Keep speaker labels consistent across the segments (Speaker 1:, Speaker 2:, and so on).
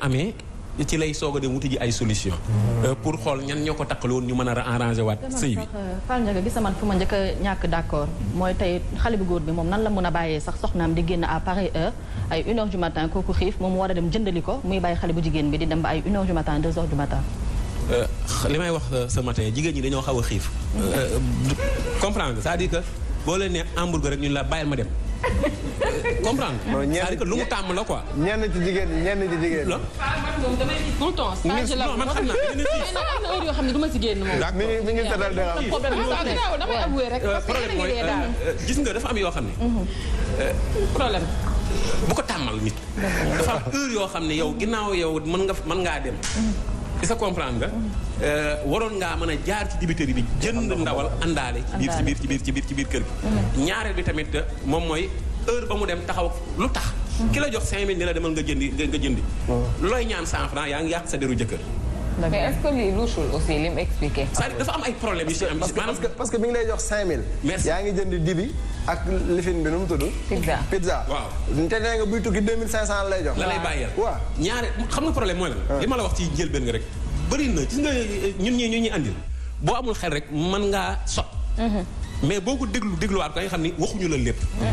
Speaker 1: amee ci lay soog a dem wuti ji ay solution mm-hmm. euh, pour xool ñan ñoo ko takkaloon ñu mën a arranger waat sëy bi euh, Fall Ndiaga gis man fu ma njëkk a ñàkk d'accord mooy tey xale bu góor bi moom nan la mën a bàyyee sax soxnaam di génn à pareille heure ay une heure du matin kooku xiif moom war a dem jëndali ko muy bàyyi xale bu jigéen bi di dem ba ay une heure du matin deux heures du matin euh, li may wax ce matin jigéen ñi dañoo xaw a xiif comprendre c'est-à-dire que boo leen ne hamburger rek ñun la bàyyil ma dem comprendre. non ñenn que lu mu tàmm la ko ñenn ci jigéen ñenn ci jigéen la. moom damay tout le man xam naa am na yoo xam ne du ma génn moom. mi ngi mi ngi tëddal dara am problème ah, rek. Euh, problème mooy euh, gis nga dafa am yoo xam ne. Mhm. Euh, problème. bu ko tàmmal nit. dafa am heure yoo xam ne yow ginnaaw yow mën nga mën ngaa dem. Mhm. sa comprendre nga euh, waroon ngaa mën a jaar ci dibiteri bi jënd ndawal àndaale ci biir ci biir ci biir ci biir ci biir kër gi ñaareel bi tamit moom mooy heure ba mu dem taxaw lu tax mm-hmm. ki la jox 5000 ni la demal nga jëndi nga jëndi mm-hmm. looy ñaan 100 francs yaa ngi yàq sa deru jëkkër mais est-ce que lii luusul aussi li mu expliqué. c'est-à-dire dafa am ay la lay bàyyeel waaw. ñaari xam nga problème ah. ma la wax ci njëlbeen nga rek. bëri na gis nga ñun ñii ñu ñuy boo amul xel rek mën ngaa sot. Mhm. mais boo ko déglu dégluwaat ko xam ni waxuñu la lépp. Mhm.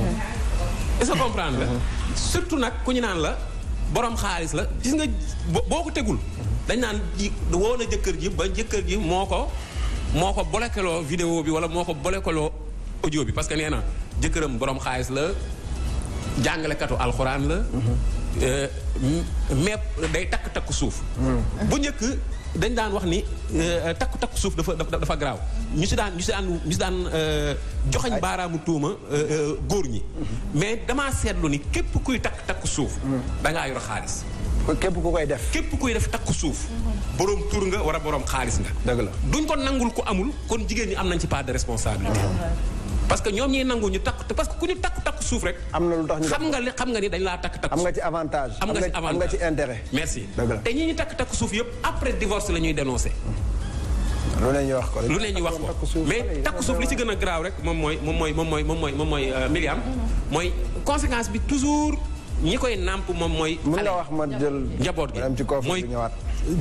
Speaker 1: est-ce que comprendre nga. Mhm. surtout nag ku ñu naan la boroom xaalis la gis nga boo ko tegul. dañ naan woo woona jëkkër ji ba jëkkër ji moo ko moo ko bolekeloo vidéo bi wala moo ko bolekeloo audio bi parce que nee na jëkkëram borom xaalis la jàngalekatu alxuraan la. mais day takk takk suuf. Hmm. bu njëkk dañ daan wax ni takk euh, takk suuf dafa dafa garaaw. ñu si daan ñu si daan ñu si daan euh, joxañ baaraamu tuuma euh, góor ñi. Hmm. mais damaa seetlu ni képp kuy takk takk suuf. Hmm. da ngaa yor xaalis. képp ku koy def. képp kuy def takku suuf. Mm-hmm. borom tur nga war a borom xaalis nga. dëgg la duñ ko nangul ko amul kon jigéen ñi am nañ ci part de responsabilité. Mm-hmm. parce que ñoom ñuy nangu ñu takk parce que ku ñu takk takk suuf rek. am na lu tax ñu xam nga li xam nga ni dañ laa takk takk. am nga ci avantage am nga ci avantage am nga ci intérêt. merci te ñi ñu takk takk suuf yëpp après divorce la ñuy dénoncé. Mm-hmm. lu ne ñu wax ko lu ne ñu wax ko mais takk suuf li ci gën a graaw rek moom mooy moom mooy moom mooy moom mooy euh, moom mooy mooy conséquence bi toujours. ñi koy nàmp moom mooy. mën nga wax ma jël njaboot gi mooy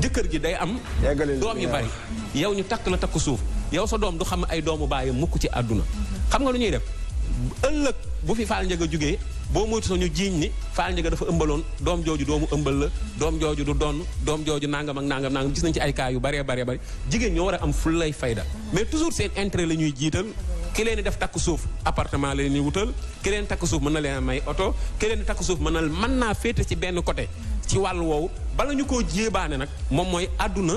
Speaker 1: jëkkër gi day am. doom yu bari yow ñu takk la takk suuf yow sa doom du xam ay doomu bàyyi mukk ci àdduna. xam nga lu ñuy def ëllëg bu fi Fall Ndiaga jugee boo moytu sax ñu jiiñ ni Fall Ndiaga dafa ëmbaloon doom jooju doomu ëmbal la doom jooju du donn doom jooju nangam ak nangam nangam gis nañ ci ay cas yu baree baree bari jigéen ñoo war a am fu lay fayda mais toujours seen intérêt la ñuy jiital ki leen di def takk suuf appartement la ñuy wutal ki leen takk suuf mën na leen may oto ki leen di takk suuf mën na mën naa féete ci benn côté ci wàllu woowu bala ñu koo jéebaane nag moom mooy àdduna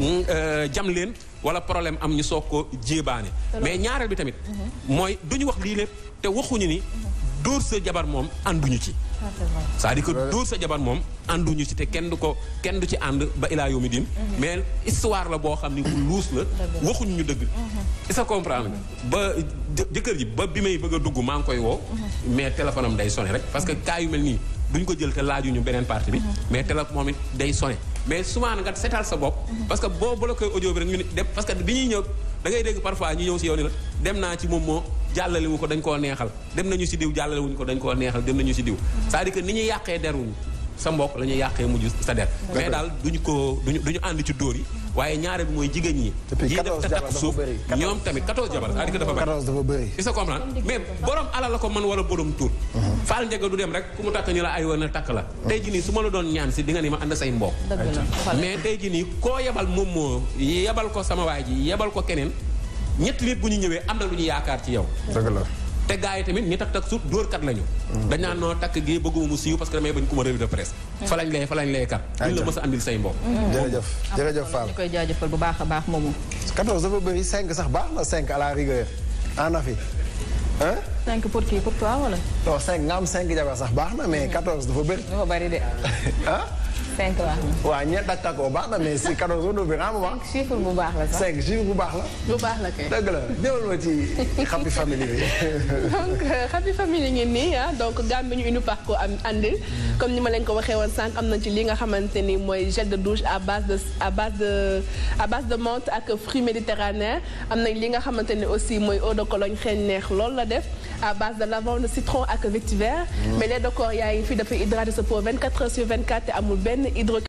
Speaker 1: euh, jam leen wala problème am ñu soog ko jéebaane mais ñaareel bi tamit mm-hmm. mooy duñu wax lii lépp te waxuñu ni mm-hmm. dóor sa jabar moom ànduñu ci c'est-à-dire que dóor sa jabar moom ànduñu ci te kenn du ko kenn du ci ànd ba ilaa yomi din mais histoire la boo xam ni ku luus la waxuñu ñu dëgg isa comprendre nga ba jëkkër ji ba bi may bëgg a dugg maa ngi koy woo mais téléphone am day sonné rek parce que cas yu mel nii duñ ko jël te laajuñu beneen partie bi mais téléphone day sonné mais souvent nga seetal sa bopp parce que boo bloqué audio bi rek ñu ne dem parce que bi ñuy ñëw da ngay dégg parfois ñu ñëw si yow dem naa ci moom jàllale wu ko dañ koo neexal dem nañu si diw jàllale wuñ ko dañ koo neexal dem nañu si diw c'est-à-dire que ni ñuy yàqee deruñ sa mbokk la ñuy yàqee mujj sa der mais daal duñu ko duñu duñu ànd ci dóor yi waaye ñaare bi mooy jigéen ñi yi def tatak suuf ñoom tamit 14 jabar c'est-à-dire que dafa bëri il se comprend mais borom alal la ko man wala borom tur mhm. faal njega du dem rek ku mu takk ñu la ay woon na takk la mhm. tey ji nii su ma la doon ñaan si di nga ni ma ànd say mbokk mais tey ji nii koo yebal moom moo yebal ko sama waay ji yebal ko keneen ñetti nit bu ñu ñëwee am na lu ñu yaakaar ci yow. dëgg la. te gars yi tamit ñu takk takk suut dóor kat lañu. dañ naan noo takk gi bëgguma mu siiw parce que damay bañ ko ma revue de presse. fa mm-hmm. ñu koy jaajafal bu baax a baax moom moomu. 14 dafa bëri 5 sax baax na 5 à la rigueur en afi ah. 5 pour qui pour toi wala. non 5 nga am 5 jabar sax baax na mais 14 dafa bëri. dafa bëri de cinq baax na. waaw ñeent ak takko baax na mais si quatorze jours bi xam nga. bu baax la cinq chiffre bu baax la. bu baax la kay. dëgg la ñëwal ma ci happy family bi. donc happy euh, family ngeen nii ah donc Gambie comme ni ma leen ko waxee woon sànq am na ci li nga xamante ni mooy gel de douche à base de à base de à base de menthe ak fruits méditerranéens am nañ li nga xamante ni aussi mooy eau de Cologne xeeñ neex loolu la def à base de lavande citron ak vétiver. Mm. mais les décors yaa ngi fi dafay hydrater hydrocarbures.